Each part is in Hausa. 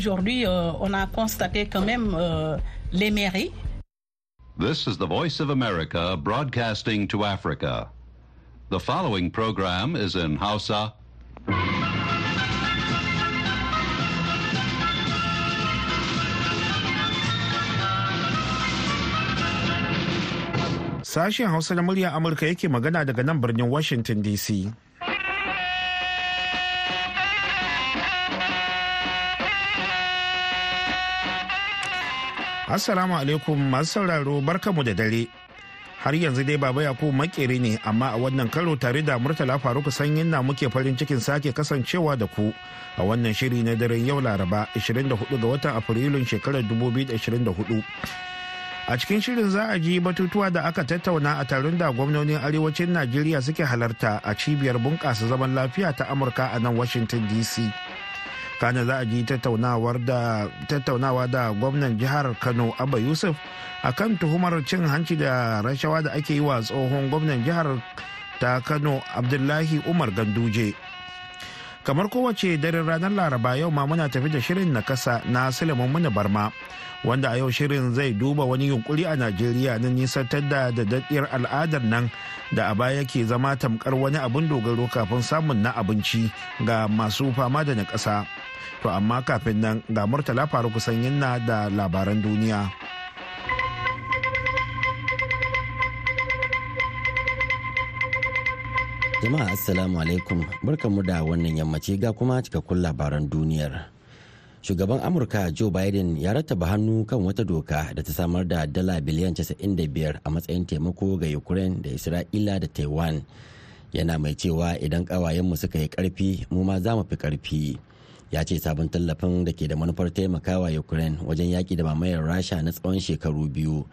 Aujourd'hui, euh, on a constaté quand même euh, les mairies. This is the Voice of America broadcasting to Africa. The following program is in Hausa. Sashen Hausa na murya Amurka yake magana daga nan birnin Washington DC. Assalamu alaikum masu sauraro barkamu da dare. Har yanzu dai baba Yakubu makere ne amma a wannan karo tare da Murtala Faruku sanyin na muke farin cikin sake kasancewa da ku a wannan shiri na daren yau Laraba 24 ga watan Afrilun shekarar 2024. A cikin shirin za a ji batutuwa da aka tattauna a taron da gwamnonin arewacin Najeriya suke halarta a cibiyar bunƙasa zaman lafiya ta Amurka a nan Washington DC. kana za a ji tattaunawa da gwamnan jihar kano abba yusuf kan tuhumar cin hanci da rashawa da ake yi wa tsohon gwamnan jihar ta kano abdullahi umar ganduje kamar kowace daren ranar laraba yau ma muna tafi da shirin na kasa na silimin muna barma wanda a yau shirin zai duba wani yunkuri a najeriya na nisantar da daddadiyar al'adar nan da a baya ke zama tamkar wani abin dogaro kafin samun na abinci ga masu fama da na ƙasa. To amma kafin nan ga Murtala faru kusan yinna da labaran duniya. Jama'a Assalamu alaikum barkanmu da wannan yammaci ga kuma cikakkun labaran duniyar. Shugaban Amurka Joe Biden ya rattaba hannu kan wata doka da ta samar da dala biliyan 95 a matsayin taimako ga Ukraine da Isra'ila da Taiwan. Yana mai cewa idan ƙawayenmu suka yi ƙarfi mu ma za mu fi ƙarfi. ya ce sabon tallafin da ke da manufar taimakawa ukraine wajen yaƙi da mamayar rasha na tsawon shekaru biyu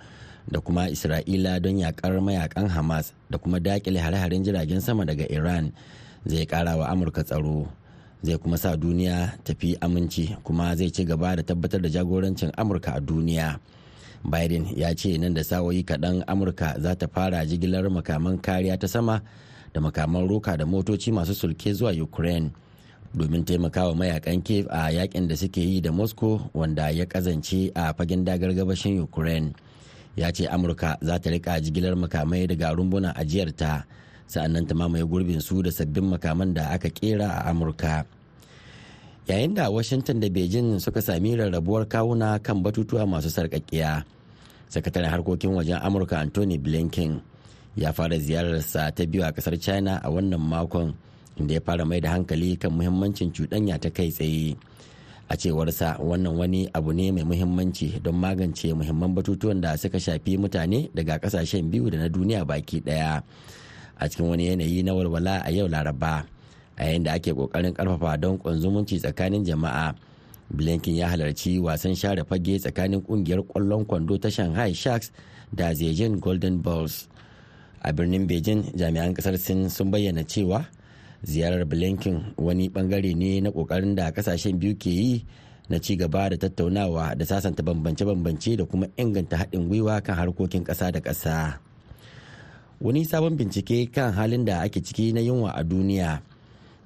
da kuma isra'ila don yaƙar mayakan hamas da kuma dakile hare-haren jiragen sama daga iran zai kara wa amurka tsaro zai kuma sa duniya tafi aminci kuma zai ci gaba da tabbatar da jagorancin amurka a duniya biden ya ce nan da sawoyi kaɗan amurka za ta fara jigilar makaman kariya ta sama da makaman roka da motoci masu sulke zuwa ukraine domin taimakawa mayakan kiev a yakin da suke yi da moscow wanda ya kazance a fagen dagar gabashin ukraine ya ce amurka za ta rika jigilar makamai daga rumbuna ajiyarta sa'annan ta mamaye gurbin su da sabbin makaman da aka kera a amurka yayin da washington da beijing suka sami rarrabuwar kawuna kan batutuwa masu sarƙaƙƙiya sakataren harkokin wajen amurka anthony blinken ya fara ziyararsa ta biyu a kasar china a wannan makon inda ya fara mai da hankali kan muhimmancin cuɗanya ta kai tsaye a cewarsa wannan wani abu ne mai muhimmanci don magance muhimman batutuwan da suka shafi mutane daga kasashen biyu da na duniya baki daya a cikin wani yanayi na walwala a yau laraba a yayin da ake kokarin karfafa don zumunci tsakanin jama'a blinken ya halarci wasan share fage tsakanin kungiyar kwallon kwando ta shanghai sharks da zejin golden balls a birnin beijing jami'an kasar sin sun bayyana cewa ziyarar blinken wani bangare ne na kokarin da kasashen biyu ke yi na ci gaba da tattaunawa da sasanta bambance-bambance da kuma inganta haɗin gwiwa kan harkokin ƙasa da ƙasa wani sabon bincike kan halin da ake ciki na yunwa a duniya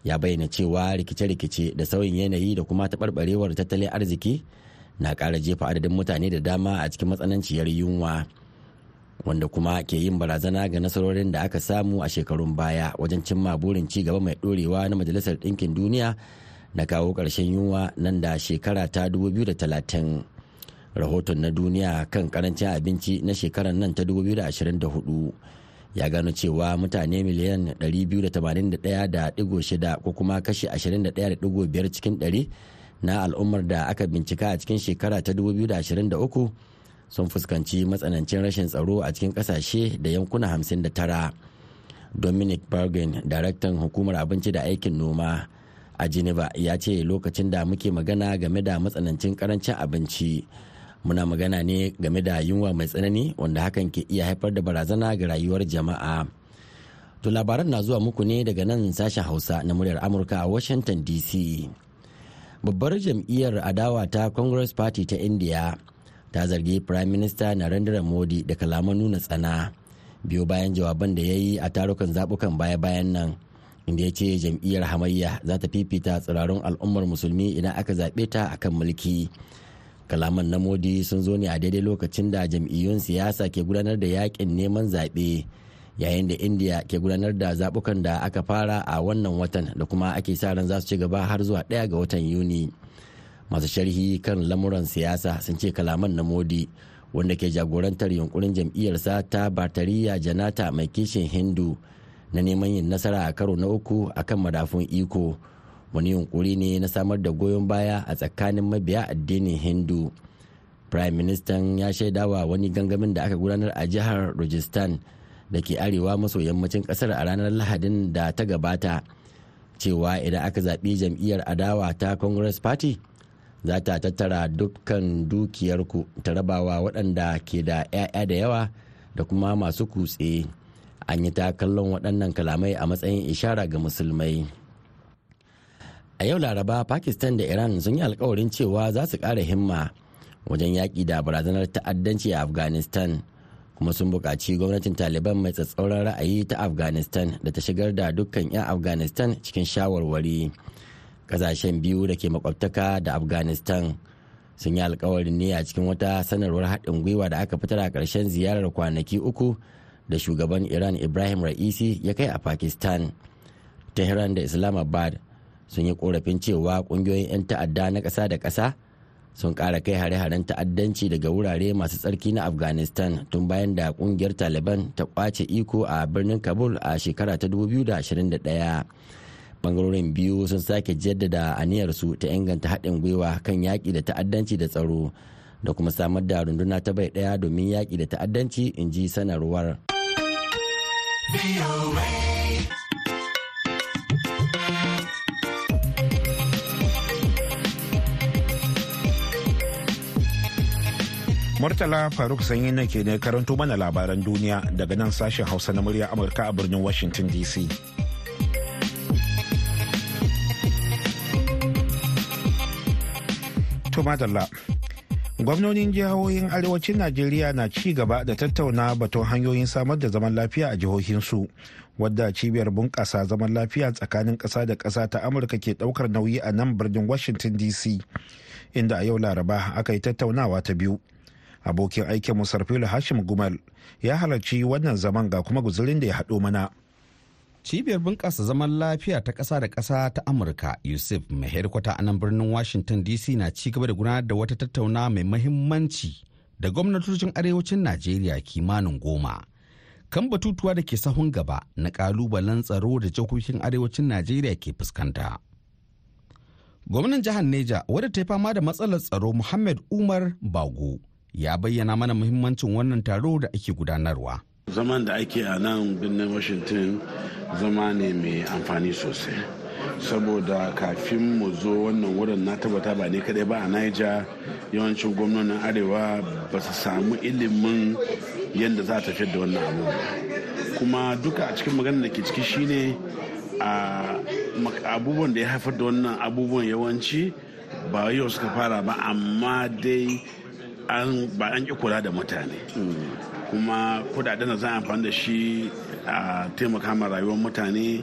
ya bayyana cewa rikice-rikice da sauyin yanayi da kuma taɓarɓarewar tattalin arziki na ƙara jefa adadin mutane da dama a cikin matsananciyar yunwa. wanda kuma ke yin barazana ga nasarorin da aka samu a shekarun baya wajen cimma burin ci gaba mai ɗorewa na majalisar ɗinkin duniya na kawo ƙarshen yunwa nan da shekara ta 2030 rahoton na duniya kan karancin abinci na shekarar nan ta 2024 ya gano cewa mutane miliyan 281.6 ko kuma kashi 21.5 cikin 100 na al'ummar da aka bincika a cikin shekara ta 2023 sun fuskanci matsanancin rashin tsaro a cikin kasashe da yankuna tara dominic bergen daraktan hukumar abinci da aikin noma a geneva ya ce lokacin da muke magana game da matsanancin karancin abinci muna magana ne game da yunwa mai tsanani wanda hakan ke iya haifar da barazana ga rayuwar jama'a to labaran na zuwa muku ne daga nan sashen hausa na muryar amurka a washington dc babbar jam'iyyar adawa ta congress party ta india ta zargi prime minister narendra modi da kalaman nuna tsana biyo bayan jawaban da ya yi a tarukan zabukan baya-bayan nan inda ya ce jam'iyyar hamayya za ta fifita tsirarun al'ummar musulmi idan aka zaɓe ta akan mulki kalaman na modi sun zo ne a daidai lokacin da jam'iyyun siyasa ke gudanar da yakin neman zaɓe yayin da india ke gudanar da zaɓukan da aka fara a wannan watan da kuma ake sa ran za su ci gaba har zuwa ɗaya ga watan yuni masu sharhi kan lamuran siyasa sun ce kalaman na modi wanda ke jagorantar yunkurin jam'iyyarsa ta batariya janata mai kishin hindu na neman yin nasara a karo na uku a kan madafun iko wani yunkuri ne na samar da goyon baya a tsakanin mabiya addinin hindu prime minister ya shaidawa wani gangamin da aka gudanar a jihar rajasthan da ke arewa maso yammacin kasar a ranar lahadin da ta gabata cewa idan aka zaɓi jam'iyyar adawa ta congress party za ta tattara dukkan dukiyarku ta rabawa waɗanda ke da 'ya'ya da yawa da kuma masu kutse an yi ta kallon waɗannan kalamai a matsayin ishara ga musulmai a yau laraba pakistan da iran sun yi alkawarin cewa za su ƙara himma wajen yaƙi da barazanar ta'addanci a afghanistan kuma sun buƙaci gwamnatin taliban mai tsatsauran ra'ayi ta afghanistan da ta shigar da dukkan 'yan afghanistan cikin shawarwari kasashen biyu da ke makwabtaka da afghanistan sun yi alkawarin ne a cikin wata sanarwar haɗin gwiwa da aka fitar a ƙarshen ziyarar kwanaki uku da shugaban iran ibrahim ra'isi ya kai a pakistan tehran da islamabad sun yi korafin cewa ƙungiyoyin 'yan ta'adda na ƙasa da ƙasa sun ƙara kai hare-haren ta'addanci daga wurare masu tsarki na afghanistan tun bayan da ƙungiyar taliban ta kwace iko a birnin kabul a shekara ta 2021 bangarorin biyu sun sake jaddada aniyarsu ta inganta haɗin gwiwa kan yaƙi da ta'addanci da tsaro da kuma samar da runduna ta bai ɗaya domin yaƙi da ta'addanci in ji sanarwar Murtala Faruk Sanyi na ke ne karanto mana labaran duniya daga nan sashen Hausa na murya Amurka a birnin Washington DC. To madalla. Gwamnonin jihohin arewacin Najeriya na ci gaba da tattauna batun hanyoyin samar da zaman lafiya a jihohinsu, wadda cibiyar bunƙasa zaman lafiya tsakanin ƙasa da ƙasa ta Amurka ke ɗaukar nauyi a nan birnin Washington DC, inda a yau Laraba aka yi tattaunawa ta biyu. Abokin aikin Musarfilu Hashim Gumal ya halarci wannan zaman ga kuma guzurin da ya haɗo mana. cibiyar bunƙasa zaman lafiya ta ƙasa da ƙasa ta amurka yusuf mai hedikwata a nan birnin washington dc na ci gaba da gudanar da wata tattauna mai mahimmanci da gwamnatocin arewacin najeriya kimanin goma kan batutuwa da ke sahun gaba na ƙalubalen tsaro da jihohin arewacin najeriya ke fuskanta gwamnan jihar neja wadda ta yi fama da matsalar tsaro muhammad umar bago ya bayyana mana muhimmancin wannan taro da ake gudanarwa zaman da ake a nan birnin washington zama ne mai amfani sosai saboda kafin mu zo wannan wurin na tabbata ba ne kadai ba a naija yawancin gwamnonin arewa ba su samu ilimin yadda za a da wannan abu kuma duka a cikin magana da ke ciki shine a abubuwan da ya haifar da wannan abubuwan yawanci ba yau suka fara ba amma dai ba an ƙi kula da mutane kuma kudaden da za a amfani da shi a taimaka ma rayuwar mutane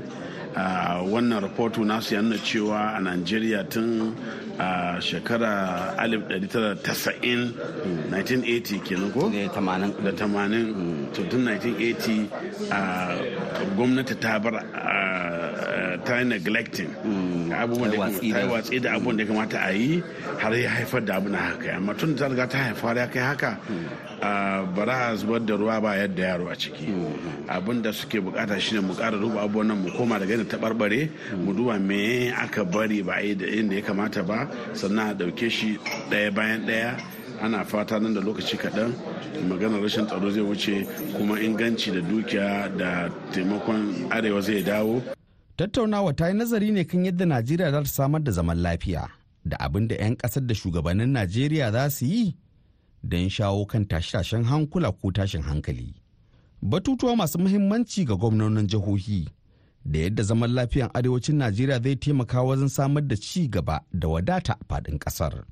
a wannan rahoto nasu ya nuna cewa a najeriya tun a shekara 1990 1980 kenan ko? da 80 mm. to tun 1980 gwamnati ta bar ta neglecting mm. abubuwan da watsi da abubuwan da kamata a yi har ya haifar da na haka amma tun da ta riga ta haifar ya kai haka mm. ba bara zubar da ruwa ba yadda yaro a ciki mm. abin da suke bukata shine mu kara ruba abubuwan nan mu koma daga yadda taɓarɓare mu duba me aka bari ba a yi da inda ya kamata ba sannan a dauke shi ɗaya bayan ɗaya ana fata nan da lokaci kaɗan maganar rashin tsaro zai wuce kuma inganci da dukiya da taimakon arewa zai dawo tattaunawa ta yi nazari ne kan yadda najeriya za ta samar da zaman lafiya da abin da 'yan ƙasar da shugabannin najeriya za su yi don shawo kan tashe-tashen hankula ko tashin hankali batutuwa masu muhimmanci ga gwamnonin jihohi da yadda zaman lafiyan arewacin najeriya zai taimaka wajen samar da ci gaba da wadata a faɗin ƙasar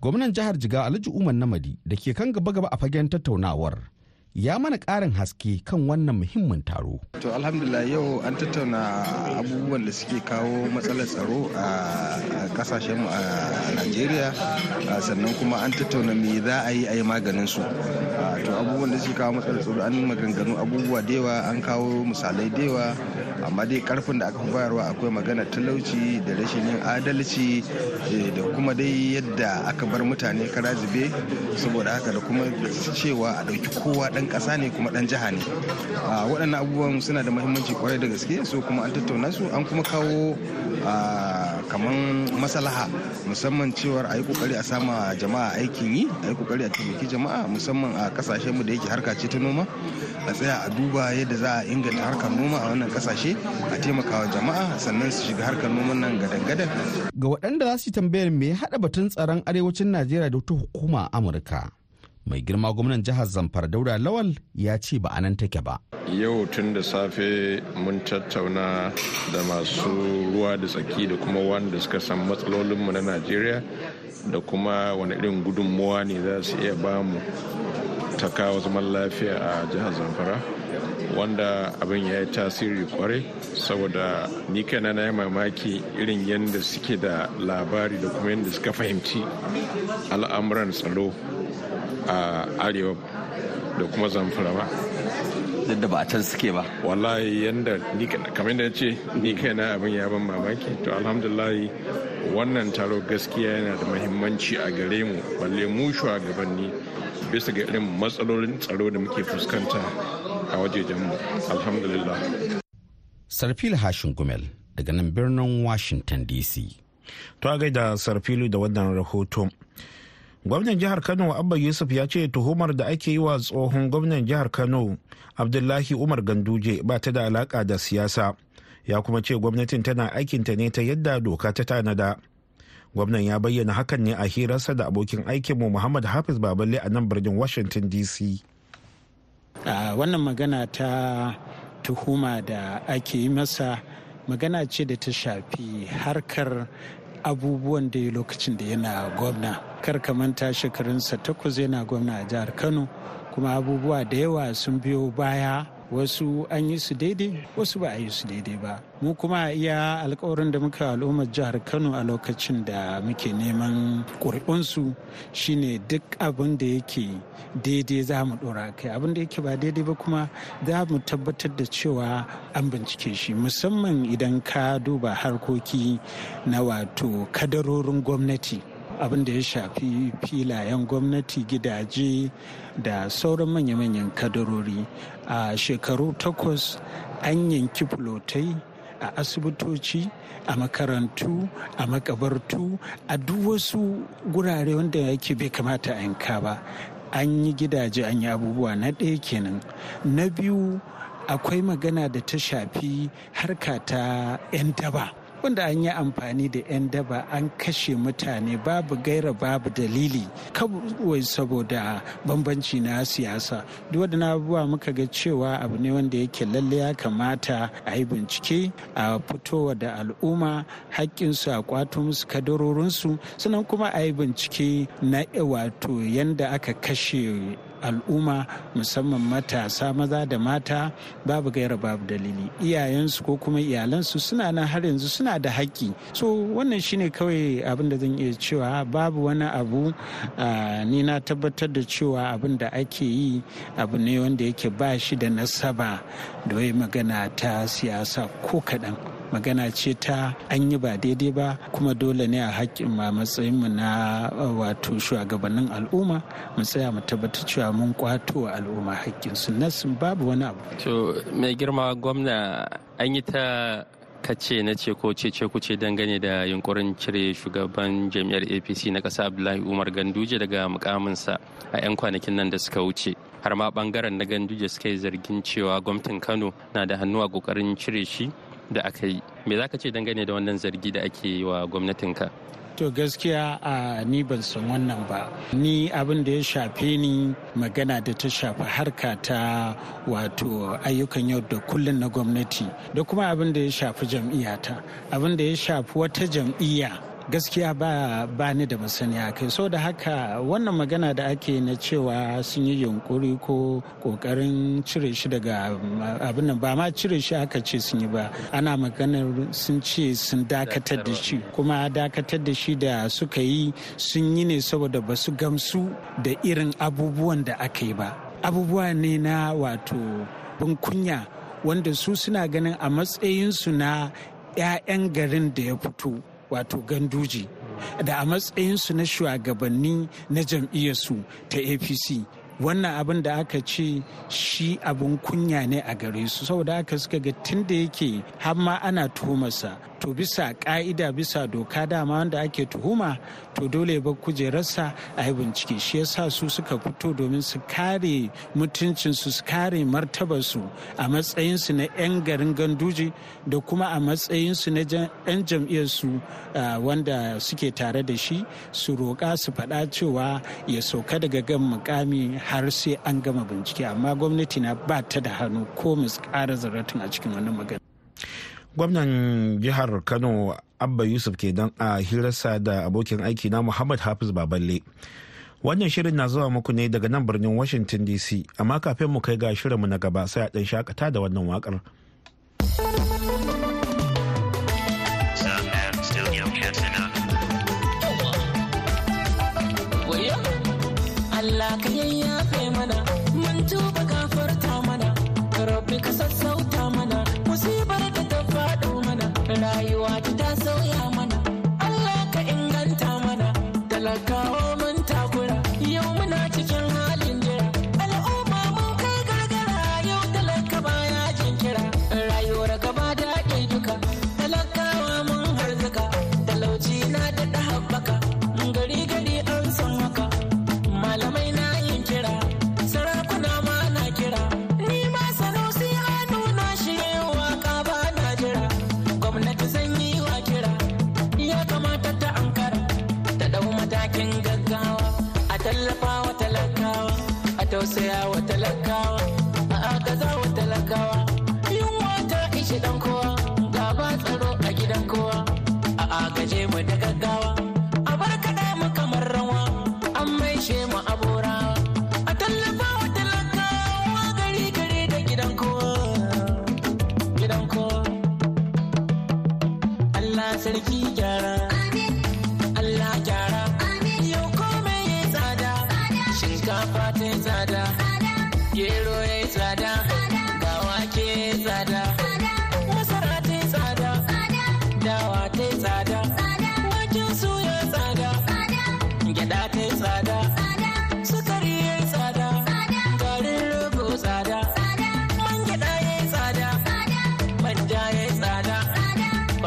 gwamnan jihar jigawa alhaji umar namadi da ke kan gaba-gaba a fagen tattaunawar ya mana ƙarin haske kan wannan muhimmin taro. To alhamdulillah yau an tattauna abubuwan da suke kawo matsalar tsaro a kasashen a Najeriya sannan kuma an tattauna me za a yi a yi maganin su. To abubuwan da suke kawo matsalar tsaro an maganganu abubuwa da yawa an kawo misalai da yawa amma dai karfin da aka bayarwa akwai magana talauci da rashin yin adalci eh, da kuma dai yadda aka bar mutane kara zube saboda haka da kuma cewa a ɗauki kowa ɗan kasa ne kuma ɗan jiha ne waɗannan abubuwan suna da muhimmanci kwarai da gaske so kuma an tattauna su an kuma kawo kamar masalaha musamman cewar a yi kokari a sama jama'a aikin yi a yi kokari a taimaki jama'a musamman a kasashen mu da yake harka ce ta noma a tsaya a duba yadda za a inganta harkar noma a wannan kasashe a taimakawa jama'a sannan su shiga harkar noman nan gadan-gadan ga waɗanda za su yi tambayar me ya haɗa batun tsaron arewacin najeriya da wata hukuma amurka mai girma gwamnan jihar zamfara daura lawal ya ce ba a nan take ba yau tun da safe mun tattauna da masu ruwa da tsaki da kuma wanda suka san matsalolinmu na najeriya da kuma wani irin gudunmuwa ne za su iya bamu ta kawo zaman lafiya a jihar zamfara wanda abin ya yi tasiri kwarai saboda ni kana na yi mamaki irin yadda suke da labari da kuma yadda suka fahimci al'amuran tsaro a arewa da kuma zamfara ba yadda ba a can suke ba wallahi yanda kamar yadda ce ni mm. kaina abin ya ban mamaki to alhamdulillah wannan taro gaskiya yana da mahimmanci a gare mu balle mu shugabanni bisa ga irin matsalolin tsaro da muke fuskanta a wajejen mu alhamdulillah sarfil hashin gumel daga nan birnin washington dc to a gaida sarfilu da wannan rahoto gwamnan jihar kano abba yusuf ya ce tuhumar da ake yi wa tsohon gwamnan jihar kano abdullahi umar ganduje ba ta da alaka da siyasa ya kuma ce gwamnatin tana aikinta ne ta yadda doka ta tanada gwamnan ya bayyana hakan ne a hirarsa da abokin aikinmu muhammad hafiz baballe a nan birnin washington dc wannan magana ta tuhuma da ake yi masa magana ce da ta shafi harkar abubuwan da ya lokacin da yana gwamna kar ka manta shekarunsa takwas yana gwamna a jihar kano kuma abubuwa da yawa sun biyo baya wasu an yi su daidai wasu ba a yi su daidai ba mu kuma a iya alkawarin da muka al'ummar jihar kano a lokacin da muke neman ƙuri'unsu shine duk abin da yake daidai za mu ɗora kai abin da yake ba daidai ba kuma za mu tabbatar da cewa an bincike shi musamman idan ka duba harkoki na wato kadarorin gwamnati abin da ya shafi filayen gwamnati gidaje da sauran manya-manyan kadarori a shekaru takwas an yanki fulotai a asibitoci a makarantu a makabartu a duk wasu gurare wanda yake bai kamata a yanka ba an yi gidaje an yi abubuwa na ɗaya kenan na biyu akwai magana da ta shafi harka ta 'yan daba wanda an yi amfani da 'yan daba an kashe mutane babu gaira babu dalili kawai saboda bambanci na siyasa duk waɗannan abubuwa muka ga cewa abu ne wanda yake lalle ya kamata a yi bincike a fitowa da al'umma haƙƙinsu a kwato musu kadarorinsu sannan kuma a yi bincike na wato yanda aka kashe al'umma musamman matasa maza da mata babu gaira babu dalili iyayensu ko kuma iyalansu suna nan har yanzu suna da haƙƙi so wannan shine kawai abin da zan iya cewa babu wani abu ni na tabbatar da cewa abin da ake yi abu ne wanda yake ba shi da nasaba da magana ta siyasa ko kaɗan magana ce ta an yi ba daidai ba kuma dole ne a haƙƙin ma mu na wato shugabannin al'umma mu tsaya mu tabbatar cewa mun kwato al'umma haƙƙinsu sun babu wani abu. to mai girma gwamna an yi ta kace na ce ko ce ce kuce dangane da yunkurin cire shugaban jami'ar apc na ƙasa abdullahi umar ganduje daga mukaminsa a 'yan kwanakin nan da suka wuce har ma bangaren na ganduje suka yi zargin cewa gwamnatin kano na da hannu a kokarin cire shi da aka yi me za ka ce dangane da wannan zargi da ake yi wa ka. to gaskiya a ni ban san wannan ba ni abin da ya shafe ni magana da ta shafi harka ta wato ayyukan yau da kullun na gwamnati da kuma abin da ya shafi jam'iyyata abin da ya shafi wata jam'iyya gaskiya ba ba ni da masaniya kai so da haka wannan magana da ake na cewa sun yi yunkuri ko kokarin cire shi daga abin nan ba ma cire shi aka ce sun yi ba ana maganar sun ce sun dakatar da shi kuma dakatar da shi da suka yi sun yi ne saboda ba su gamsu da irin abubuwan da aka yi ba abubuwa ne na wato bin kunya wanda su suna ganin a matsayinsu na 'ya'yan garin da ya fito wato ganduji da a matsayinsu na shugabanni na jam'iyyarsu ta apc wannan abin da aka ce shi abin kunya ne a gare su saboda aka suka ga tun da yake har ma ana tomasa to bisa ka'ida bisa doka dama wanda ake tuhuma to dole ba kujerarsa a yi bincike shi ya sa su suka fito domin su kare mutuncinsu su kare martabarsu a matsayinsu na 'yan garin ganduji da kuma a matsayinsu na 'yan jam'iyyarsu wanda suke tare da shi su roƙa su faɗa cewa ya sauka daga gan mukami har sai an gama bincike amma gwamnati na ba ta da hannu ko mu ƙara zaratun a cikin wannan magana gwamnan jihar kano abba yusuf ke dan a hirarsa da abokin aiki na muhammad hafiz baballe wannan shirin na zuwa muku ne daga nan birnin washington dc amma kafin mu kai ga shirinmu na gaba sai a ɗan shakata da wannan waƙar.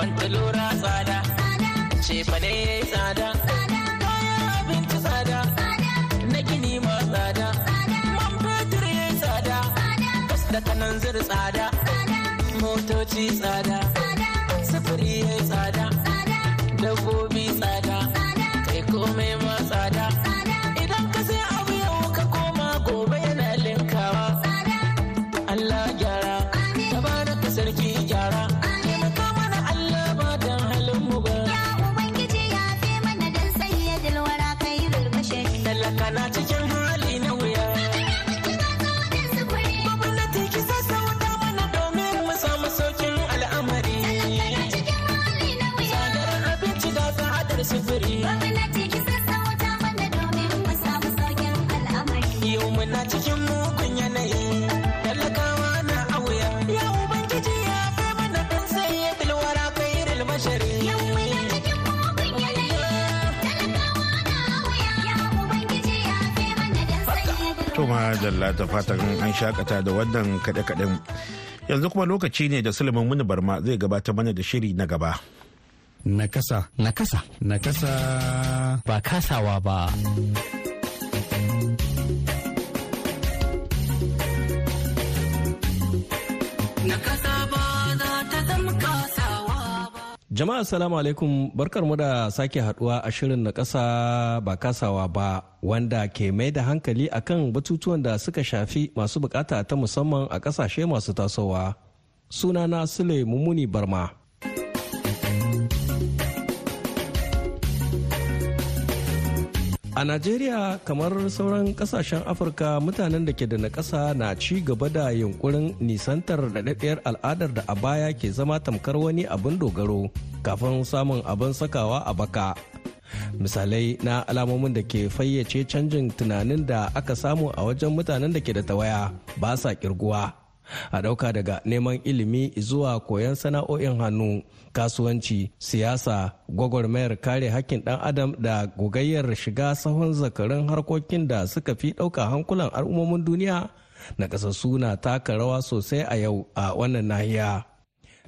kwanta tsada ce ya yi tsada kayan abinci tsada na gini ma tsada man fetur ya tsada da kanan tsada motoci tsada cikin mugun yanayi talakawa na auya ya ubangiji ya fi mana dan sanya bilwara kai ril bashari to ma jalla ta fatan an shakata da wannan kade kaden yanzu kuma lokaci ne da sulaiman muni barma zai gabata mana da shiri na gaba nakasa nakasa nakasa ba kasawa ba Jama'a salamu alaikum barkar mu da sake haduwa a shirin na kasa ba kasawa ba wanda ke mai da hankali akan batutuwan da suka shafi masu bukata ta musamman a kasashe masu tasowa. Sunana Sule Mumuni Barma. A Najeriya kamar sauran kasashen Afirka mutanen da ke da nakasa na ci gaba da yunkurin nisantar daɗaɗɗiyar al'adar da a baya ke zama tamkar wani abin dogaro kafin samun abin sakawa a baka. Misalai na alamomin da ke fayyace canjin tunanin da aka samu a wajen mutanen da ke da tawaya ba sa kirguwa. a ɗauka daga neman ilimi zuwa koyon sana'o'in hannu kasuwanci siyasa gwagwarmayar kare hakkin ɗan adam da gogayyar shiga sahun zakarin harkokin da suka fi ɗauka hankulan al'ummomin duniya na na taka rawa sosai a yau a wannan nahiya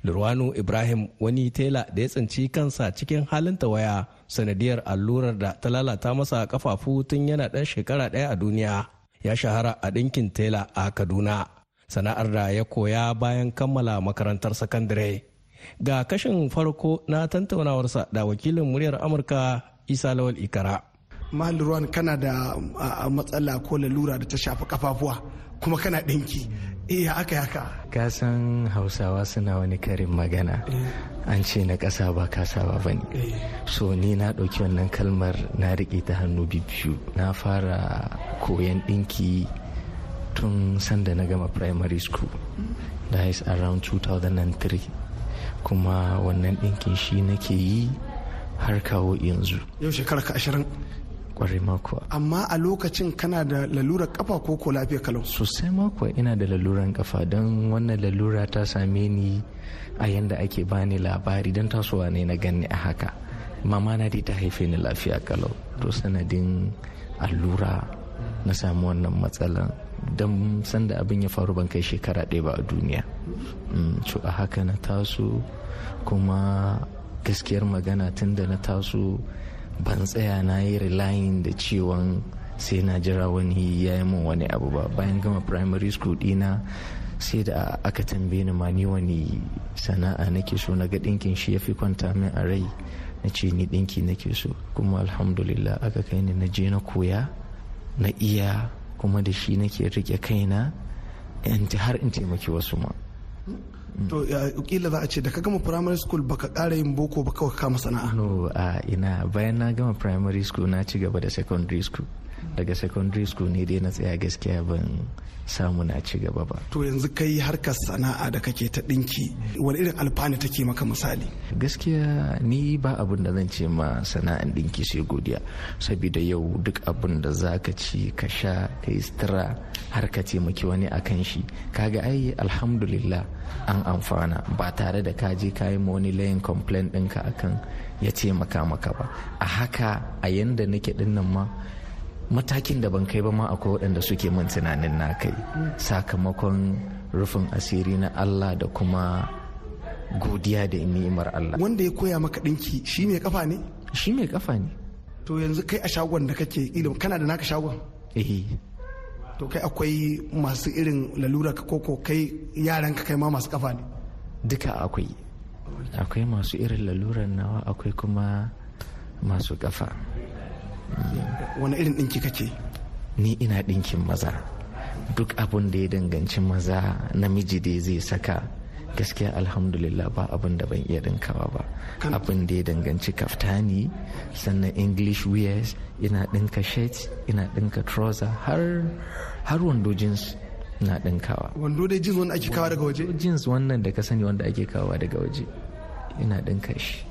Lurwanu Ibrahim wani tela da ya tsinci kansa cikin halin tawaya sanadiyar allurar da ta lalata masa kafafu tun yana ɗan shekara ɗaya a duniya ya shahara a ɗinkin tela a Kaduna. sana'ar da ya koya bayan kammala makarantar sakandare. Ga kashin farko na tantaunawarsa da wakilin muryar Amurka Isa Lawal Ikara. mahal ruwan kana da matsala ko lalura da ta shafi kafafuwa kuma kana ɗinki iya eh, aka yaka ka hausawa suna wani karin magana eh. an ce na ƙasa ba kasawa ba ne eh. so ni na ɗauki wannan kalmar na riƙe ta hannu biyu na fara koyan ɗinki tun sanda na gama primary school that is around 2003 kuma wannan ɗinkin shi nake yi har kawo yanzu yau shekara ka ashirin kwarai mako amma a lokacin kana da lalurar kafa ko ko lafiya kalau sosai mako ina da laluran kafa don wannan lalura ta same ni a yanda ake bani labari don tasowa ne na gani a haka mama na dai ta haife ni lafiya kalau to sanadin allura na samu wannan matsalan don sanda abin ya faru ban kai shekara ɗaya ba a duniya mm, to a haka na taso kuma gaskiyar magana tun da na taso ban tsaya na yi relying da cewan sai na jira wani ya yi min wani abu ba bayan gama primary school dina sai da aka tambaye ni ma ni wani sana'a nake so na ga ɗinkin shi ya fi kwanta min a rai na ce ni ɗinki nake so kuma alhamdulillah aka kai ni na je na koya na iya kuma da shi nake rike kaina har in taimaki wasu ma to kila za a ce da ka gama primary school baka kara yin boko ba kama sana'a no a ina bayan na gama primary school na ci gaba da secondary school daga secondary school ne dai na tsaya gaskiya ban samu na ci gaba ba to yanzu kai harkar sana'a da kake ta dinki wani irin alfani take maka misali gaskiya ni ba abin da zan ce ma sana'an dinki sai godiya saboda yau duk abun da zaka ci ka sha ka yi sutura har ka taimaki wani akan shi kaga ai alhamdulillah an amfana ba tare da ka je ka yi ma wani layin complaint ɗinka akan ya taimaka maka ba a haka a yanda nake dinnan ma matakin da ban kai ba ma akwai waɗanda suke min tunanin na kai sakamakon rufin asiri na Allah da kuma godiya da ni'imar Allah wanda ya koya maka ɗinki shi mai kafa ne shi mai kafa ne to yanzu kai a shagon da kake ilimi kana da naka shagon eh to kai akwai masu irin lalura ka koko kai yaran ka kai ma masu kafa ne duka akwai akwai masu irin laluran nawa akwai kuma masu kafa wani irin ɗinki kake ni ina ɗinkin maza duk abin da ya danganci maza namiji da zai saka gaskiya alhamdulillah ba abin da ban iya dinkawa ba abin da ya danganci kaftani sannan english wears ina dinka shirt ina dinka trouser har har wando jeans na dinkawa wando dai jeans wanda ake kawo daga waje jeans wannan da ka sani wanda ake kawo daga waje ina dinka shi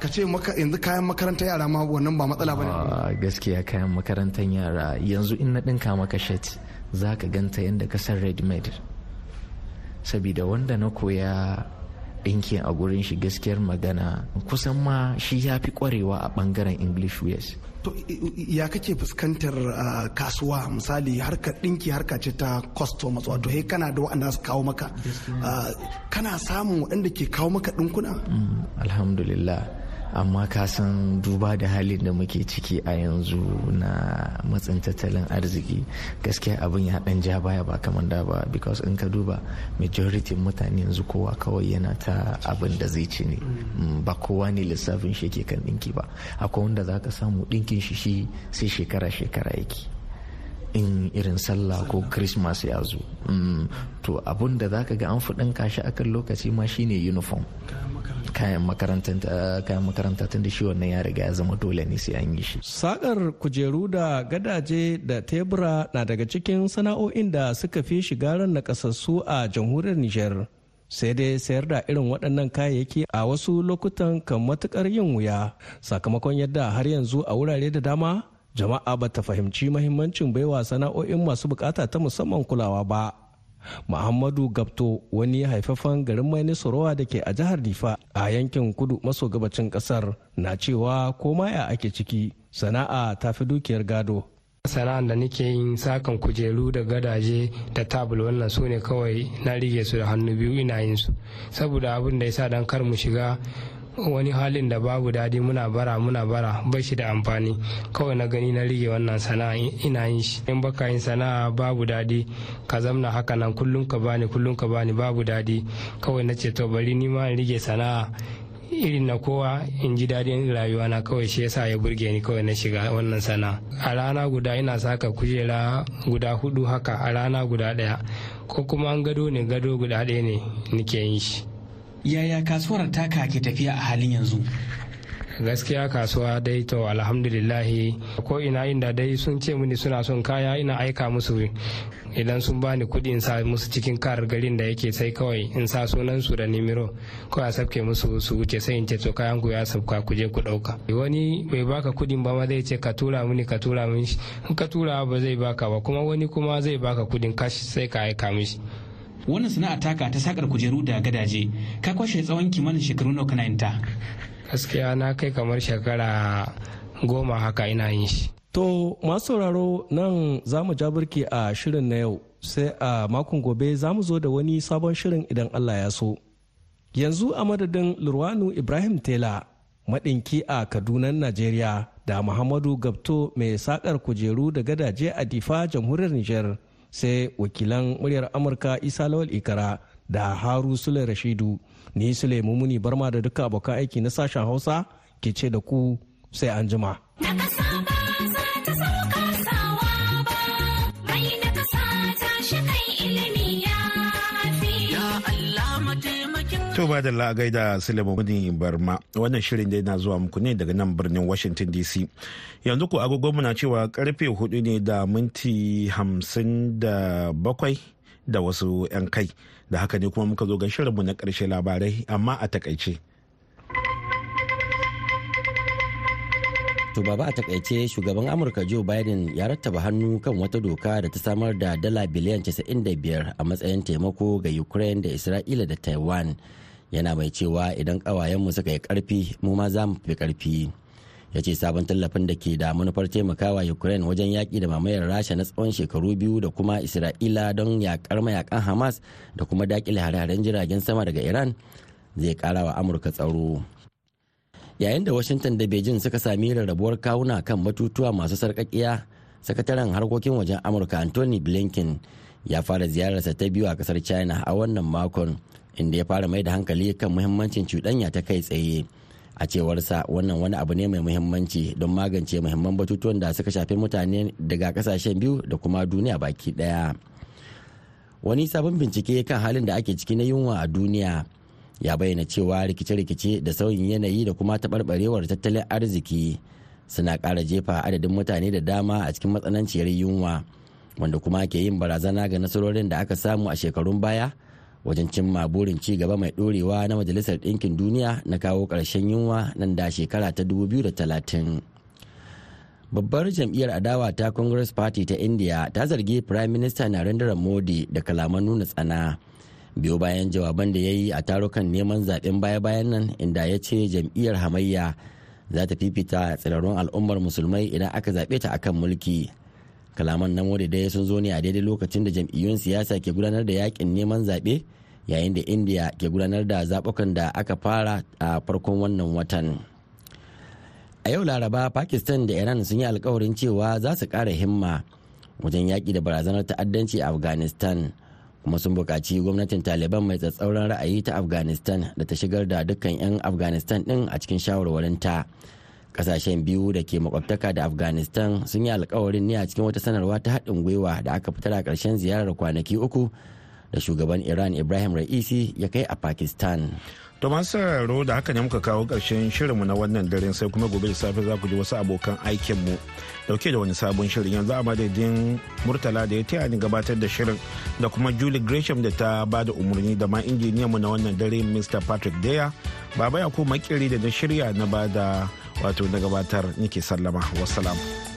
ka ce yanzu kayan makarantar yara ma wannan ba matsala ba ne ah, gaskiya kayan makarantar yara yanzu in na ɗinka maka shet za ka ganta yadda ka san red made sabida wanda na koya ɗinki a gurin shi gaskiyar magana kusan ma shi ya fi kwarewa a bangaren english ways to ya kake fuskantar ah, kasuwa misali harkar ɗinki harka ce ta customers wato he kana da wa'anda su kawo maka ah, kana samun waɗanda ke kawo maka ɗinkuna mm, alhamdulillah amma ka san duba da halin da muke ciki a yanzu na matsin tattalin arziki gaskiya abin ya dan ja baya ba kamar da ba because in ka duba majority mutane yanzu kowa kawai yana ta abin da zai ci ne mm, ba kowa ne lissafin shi ke kan dinki ba akwai wanda za ka samu ɗinkin shi shi sai shekara shekara yake in irin sallah ko christmas ya zo mm, to abun da zaka ga an fudin kashi akan lokaci ma shine uniform eh, kayan makaranta tun da shi wannan ya riga ya zama dole ne sai an yi shi. Sakar kujeru da gadaje da tebura na daga cikin sana'o'in da suka fi shiga ran na kasassu a jamhuriyar niger Sai dai sayar da irin waɗannan kayayyaki a wasu lokutan kan matukar yin wuya sakamakon yadda har yanzu a wurare da dama jama'a ba ta fahimci mahimmancin baiwa sana'o'in masu bukata ta musamman kulawa ba muhammadu gabto wani haifafan garin maini sorowa da ke a jihar difa a yankin kudu maso gabacin kasar na cewa ko maya ake ciki sana'a ta fi dukiyar gado sana'an da nake yin sakan kujeru da gadaje da tabul wannan su ne kawai na rige su da hannu biyu ina yin su saboda abin da ya sa dan kar mu shiga wani halin da babu dadi muna bara muna bara bai shi da amfani kawai na gani na rige wannan sana'a ina yin shi in baka yin sana'a babu dadi ka zamna haka nan kullum ka bani kullum ka bani babu dadi kawai na ce to bari ni ma in rige sana'a irin na kowa in ji daɗin rayuwa na kawai shi yasa ya burge ni kawai na shiga wannan sana'a. a rana guda ina saka kujera guda hudu haka a rana guda ɗaya ko kuma an gado ne gado guda ɗaya ne nike yin shi yaya kasuwar taka ke tafiya a halin yanzu gaskiya kasuwa dai to alhamdulillahi ko ina inda dai sun ce mini suna son kaya ina aika musu idan sun bani kuɗin in sa musu cikin kar garin da yake sai kawai in sa sunan su da nimiro ko a sabke musu su wuce sai in ce to kayan ku ya sabka ku je ku ɗauka wani bai baka kuɗin ba ma zai ce ka tura mini ka tura mini in ka tura ba zai baka ba kuma wani kuma zai baka kuɗin kashi sai ka aika mishi wannan sana'a taka ta sakar kujeru da gadaje ka kwashe tsawon kimanin shekaru nawa kana yin ta gaskiya na kai kamar shekara goma haka ina yin shi to masu sauraro nan za mu ja birki a shirin na yau sai a makon gobe za mu zo da wani sabon shirin idan allah ya so yanzu a madadin lurwanu ibrahim tela maɗinki a kaduna najeriya da muhammadu gabto mai sakar kujeru da gadaje a difa jamhuriyar nijar sai wakilan muryar amurka isa lawal ikara da haru sule rashidu ni sule mumuni barma da duka abokan aiki na sashen hausa ke ce da ku sai an jima. To ba da la'agaida Sulemani Barma wannan shirin dai na zuwa muku ne daga nan birnin Washington DC. Yanzu ku agogonmu na cewa karfe hudu ne da minti hamsin da bakwai da wasu 'yan kai. Da haka ne kuma muka zo ga shirinmu na karshe labarai amma a takaice. To baba a takaice shugaban Amurka Joe Biden ya rattaba hannu kan wata doka da ta samar da dala biliyan 95 a matsayin taimako ga Ukraine da Isra'ila da Taiwan yana mai cewa idan ƙawayenmu suka yi karfi mu ma za mu fi karfi ya ce sabon tallafin da ke da manufar taimakawa ukraine wajen yaƙi da mamayar rasha na tsawon shekaru biyu da kuma isra'ila don yaƙar mayakan hamas da kuma daƙile hare-haren jiragen sama daga iran zai ƙara wa amurka tsaro yayin da washington da beijing suka sami rarrabuwar kawuna kan batutuwa masu sarƙaƙiya sakataren harkokin wajen amurka anthony blinken ya fara ziyararsa ta biyu a kasar china a wannan makon inda ya fara mai da hankali kan muhimmancin cuɗanya ta kai tsaye a cewarsa wannan wani abu ne mai muhimmanci don magance muhimman batutuwan da suka shafi mutane daga kasashen biyu da kuma duniya baki ɗaya. wani sabon bincike kan halin da ake ciki na yunwa a duniya ya bayyana cewa rikice-rikice da sauyin yanayi da kuma taɓarɓarewar tattalin arziki suna ƙara jefa adadin mutane da dama a cikin matsananciyar yunwa wanda kuma ke yin barazana ga nasarorin da aka samu a shekarun baya wajen cimma burin ci gaba mai dorewa na majalisar ɗinkin duniya na kawo ƙarshen yunwa nan da shekara ta 2030 babbar jam'iyyar adawa ta congress party ta india ta zargi prime minister narendra modi da kalaman nuna tsana biyo bayan jawaban da ya yi a tarukan neman zaben baya-bayan nan inda ya ce jam'iyyar hamayya za ta fifita tsirarun al'ummar musulmai idan aka zaɓe ta akan mulki kalaman na more dai sun zo ne a daidai lokacin da jam'iyyun siyasa ke gudanar da yakin neman zaɓe yayin da india ke gudanar da zaɓukan da aka fara a farkon wannan watan a yau laraba pakistan da iran sun yi alkawarin cewa za su ƙara himma wajen yaƙi da barazanar ta'addanci a afghanistan kuma sun buƙaci gwamnatin taliban mai tsatsauran ra'ayi ta afghanistan da ta shigar da dukkan 'yan afghanistan ɗin a cikin shawarwarinta. ta kasashen biyu da ke makwabtaka da afghanistan sun yi alkawarin ne a cikin wata sanarwa ta haɗin gwiwa da aka fitar a ƙarshen ziyarar kwanaki uku da shugaban iran ibrahim ra'isi ya kai a pakistan to masu sauraro da haka ne muka kawo ƙarshen shirinmu na wannan daren sai kuma gobe da safe za ku ji wasu abokan mu. dauke da wani sabon shirin yanzu a madadin murtala da ya taya ni gabatar da shirin da kuma julie gresham da ta ba da umarni da ma mu na wannan dare mr patrick daya baba ya ko makiri da na shirya na ba da wato na gabatar nike sallama wasalam.